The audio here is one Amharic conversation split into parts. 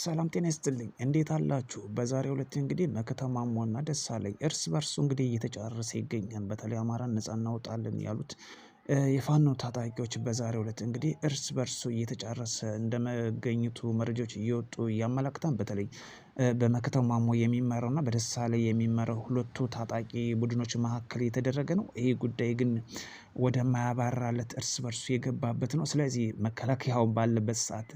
ሰላም ጤና ይስጥልኝ። እንዴት አላችሁ? በዛሬው ዕለት እንግዲህ መከታ ማሞና ደሳለኝ እርስ በርሱ እንግዲህ እየተጫረሰ ይገኛል። በተለይ አማራን ነጻ እናወጣለን ያሉት የፋኖ ታጣቂዎች በዛሬው ዕለት እንግዲህ እርስ በርሱ እየተጫረሰ እንደመገኘቱ መረጃዎች እየወጡ ያመላክታል። በተለይ በመከታው ማሞ የሚመራውና በደሳለኝ የሚመራው ሁለቱ ታጣቂ ቡድኖች መካከል የተደረገ ነው። ይሄ ጉዳይ ግን ወደማያባራለት እርስ በርሱ የገባበት ነው። ስለዚህ መከላከያውን ባለበት ሰዓት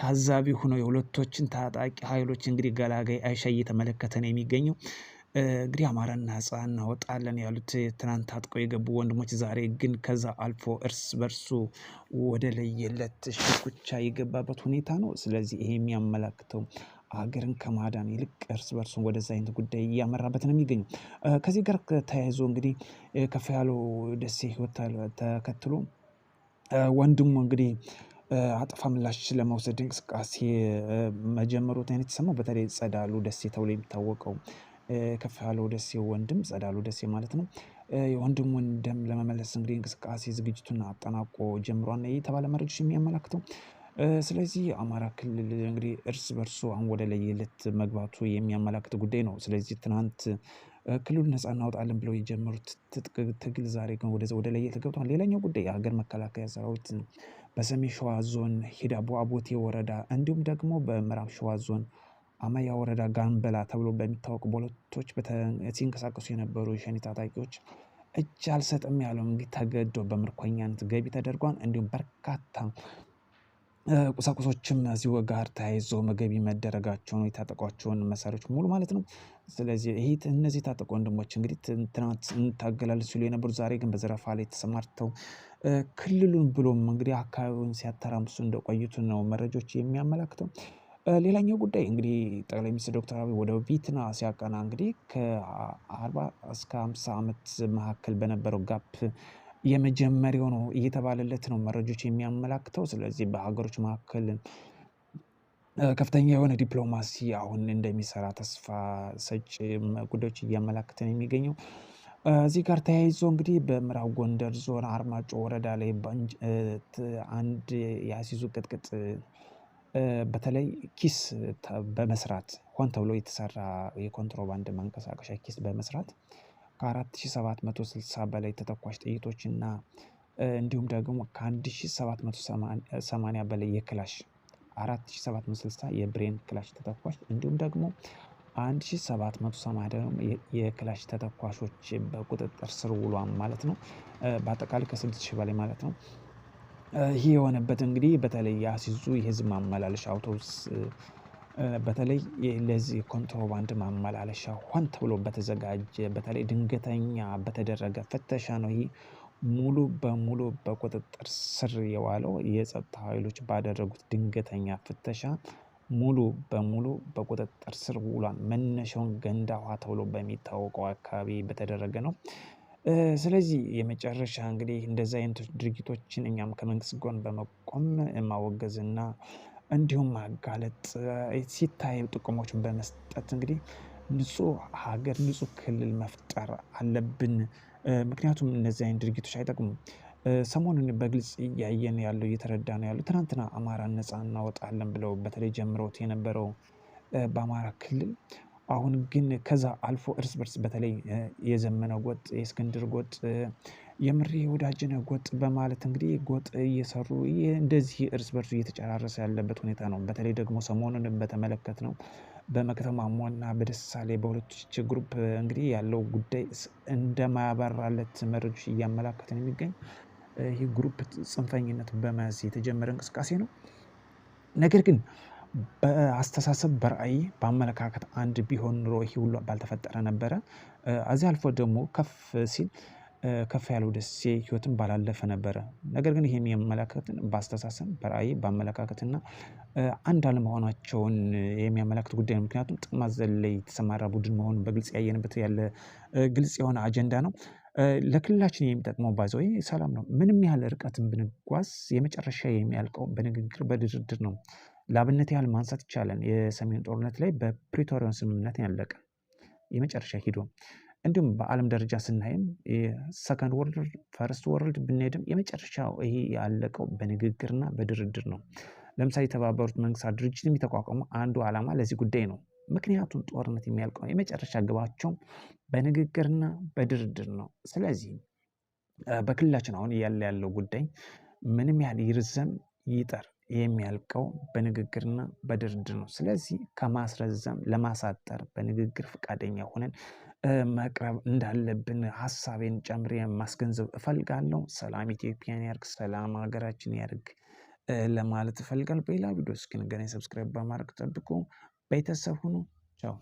ታዛቢ ሆነው የሁለቶችን ታጣቂ ኃይሎች እንግዲህ ገላጋይ አይሻ እየተመለከተ ነው የሚገኘው። እንግዲህ አማራና ነጻ እናወጣለን ያሉት ትናንት ታጥቀው የገቡ ወንድሞች ዛሬ ግን ከዛ አልፎ እርስ በርሱ ወደ ለየለት ሽኩቻ የገባበት ሁኔታ ነው። ስለዚህ ይሄ የሚያመላክተው ሀገርን ከማዳን ይልቅ እርስ በርሱ ወደዛ አይነት ጉዳይ እያመራበት ነው የሚገኘው። ከዚህ ጋር ተያይዞ እንግዲህ ከፍ ያለው ደሴ ህይወት ተከትሎ ወንድሙ እንግዲህ አጠፋ ምላሽ ለመውሰድ እንቅስቃሴ መጀመሩ አይነት የተሰማው በተለይ ጸዳሉ ደሴ ተብሎ የሚታወቀው ከፍ ያለው ደሴ ወንድም ጸዳሉ ደሴ ማለት ነው። የወንድሙን ደም ለመመለስ እንግዲህ እንቅስቃሴ ዝግጅቱን አጠናቆ ጀምሯና የተባለ መረጃዎች የሚያመላክተው። ስለዚህ አማራ ክልል እንግዲህ እርስ በእርሱ አሁን ወደ ለየለት መግባቱ የሚያመላክት ጉዳይ ነው። ስለዚህ ትናንት ክልሉን ነጻ እናወጣለን ብለው የጀመሩት ትጥቅ ትግል ዛሬ ግን ወደ ወደ ለየት ገብቷል። ሌላኛው ጉዳይ የሀገር መከላከያ ሰራዊት በሰሜን ሸዋ ዞን ሂዳቡ አቦቴ ወረዳ እንዲሁም ደግሞ በምዕራብ ሸዋ ዞን አማያ ወረዳ ጋንበላ ተብሎ በሚታወቅ ቦለቶች ሲንቀሳቀሱ የነበሩ የሸኔ ታጣቂዎች እጅ አልሰጥም ያለው እንግዲህ ተገዶ በምርኮኛነት ገቢ ተደርጓል። እንዲሁም በርካታ ቁሳቁሶችም እዚሁ ጋር ተያይዞ መገቢ መደረጋቸውን የታጠቋቸውን መሳሪያዎች ሙሉ ማለት ነው። ስለዚህ ይሄ እነዚህ የታጠቁ ወንድሞች እንግዲህ ትናንት እንታገላለን ሲሉ የነበሩ ዛሬ ግን በዘረፋ ላይ ተሰማርተው ክልሉን ብሎም እንግዲህ አካባቢውን ሲያተራምሱ እንደቆዩት ነው መረጃዎች የሚያመላክተው። ሌላኛው ጉዳይ እንግዲህ ጠቅላይ ሚኒስትር ዶክተር አብይ ወደ ቪትና ሲያቀና እንግዲህ ከ እስከ 50 ዓመት መካከል በነበረው ጋፕ የመጀመሪያው ነው እየተባለለት ነው መረጆች የሚያመላክተው። ስለዚህ በሀገሮች መካከል ከፍተኛ የሆነ ዲፕሎማሲ አሁን እንደሚሰራ ተስፋ ሰጪ ጉዳዮች እያመላክትን የሚገኘው። እዚህ ጋር ተያይዞ እንግዲህ በምዕራብ ጎንደር ዞን አርማጮ ወረዳ ላይ አንድ የአሲዙ ቅጥቅጥ በተለይ ኪስ በመስራት ሆን ተብሎ የተሰራ የኮንትሮባንድ ማንቀሳቀሻ ኪስ በመስራት ከ4760 በላይ ተተኳሽ ጥይቶች እና እንዲሁም ደግሞ ከ1780 በላይ የክላሽ 4760 የብሬን ክላሽ ተተኳሽ እንዲሁም ደግሞ 1780 ደግሞ የክላሽ ተተኳሾች በቁጥጥር ስር ውሏል ማለት ነው። በአጠቃላይ ከ6000 በላይ ማለት ነው። ይህ የሆነበት እንግዲህ በተለይ አሲዙ የህዝብ ማመላለሻ አውቶቡስ በተለይ ለዚህ ኮንትሮባንድ ማመላለሻ ሆን ተብሎ በተዘጋጀ በተለይ ድንገተኛ በተደረገ ፍተሻ ነው ይህ ሙሉ በሙሉ በቁጥጥር ስር የዋለው የጸጥታ ኃይሎች ባደረጉት ድንገተኛ ፍተሻ ሙሉ በሙሉ በቁጥጥር ስር ውሏን መነሻውን ገንዳ ውሃ ተብሎ በሚታወቀው አካባቢ በተደረገ ነው። ስለዚህ የመጨረሻ እንግዲህ እንደዚህ አይነት ድርጊቶችን እኛም ከመንግስት ጎን በመቆም ማወገዝና እንዲሁም ማጋለጥ ሲታይ ጥቅሞችን በመስጠት እንግዲህ ንጹህ ሀገር ንጹህ ክልል መፍጠር አለብን። ምክንያቱም እነዚህ አይነት ድርጊቶች አይጠቅሙም። ሰሞኑን በግልጽ እያየን ያለው እየተረዳን ያለው ትናንትና አማራ ነፃ እናወጣለን ብለው በተለይ ጀምረውት የነበረው በአማራ ክልል አሁን ግን ከዛ አልፎ እርስ በርስ በተለይ የዘመነ ጎጥ፣ የእስክንድር ጎጥ፣ የምሬ ወዳጅነ ጎጥ በማለት እንግዲህ ጎጥ እየሰሩ እንደዚህ እርስ በርሱ እየተጨራረሰ ያለበት ሁኔታ ነው። በተለይ ደግሞ ሰሞኑን በተመለከት ነው በመከተማሞና በደሳሌ በሁለቶች ግሩፕ እንግዲህ ያለው ጉዳይ እንደማያበራለት መረጆች እያመላከትን የሚገኝ ይህ ግሩፕ ጽንፈኝነት በመያዝ የተጀመረ እንቅስቃሴ ነው ነገር ግን በአስተሳሰብ በራእይ በአመለካከት አንድ ቢሆን ኑሮ ይህ ሁሉ ባልተፈጠረ ነበረ። እዚህ አልፎ ደግሞ ከፍ ሲል ከፍ ያለው ደሴ ህይወትን ባላለፈ ነበረ። ነገር ግን ይህ የሚያመለክትን በአስተሳሰብ በራእይ በአመለካከትና አንድ አለመሆናቸውን የሚያመላክት ጉዳይ ነው። ምክንያቱም ጥማት ዘለይ የተሰማራ ቡድን መሆኑ በግልጽ ያየንበት ያለ ግልጽ የሆነ አጀንዳ ነው። ለክልላችን የሚጠቅመው ወይ ሰላም ነው። ምንም ያህል ርቀትን ብንጓዝ የመጨረሻ የሚያልቀው በንግግር በድርድር ነው። ለአብነት ያህል ማንሳት ይቻላል። የሰሜን ጦርነት ላይ በፕሪቶሪያን ስምምነት ያለቀ የመጨረሻ ሂዶ እንዲሁም በዓለም ደረጃ ስናይም ሰከንድ ወርልድ ፈርስት ወርልድ ብንሄድም የመጨረሻው ይሄ ያለቀው በንግግርና በድርድር ነው። ለምሳሌ የተባበሩት መንግስታት ድርጅት የተቋቋሙ አንዱ ዓላማ ለዚህ ጉዳይ ነው። ምክንያቱም ጦርነት የሚያልቀው የመጨረሻ ግባቸው በንግግርና በድርድር ነው። ስለዚህ በክልላችን አሁን እያለ ያለው ጉዳይ ምንም ያህል ይርዘም ይጠር የሚያልቀው በንግግርና በድርድር ነው። ስለዚህ ከማስረዘም ለማሳጠር በንግግር ፈቃደኛ ሆነን መቅረብ እንዳለብን ሀሳቤን ጨምሬ ማስገንዘብ እፈልጋለሁ። ሰላም ኢትዮጵያን ያርግ፣ ሰላም ሀገራችን ያርግ ለማለት እፈልጋለሁ። በሌላ ቪዲዮ እስክንገናኝ ሰብስክራይብ በማድረግ ጠብቁ። ቤተሰብ ሁኑ። ቻው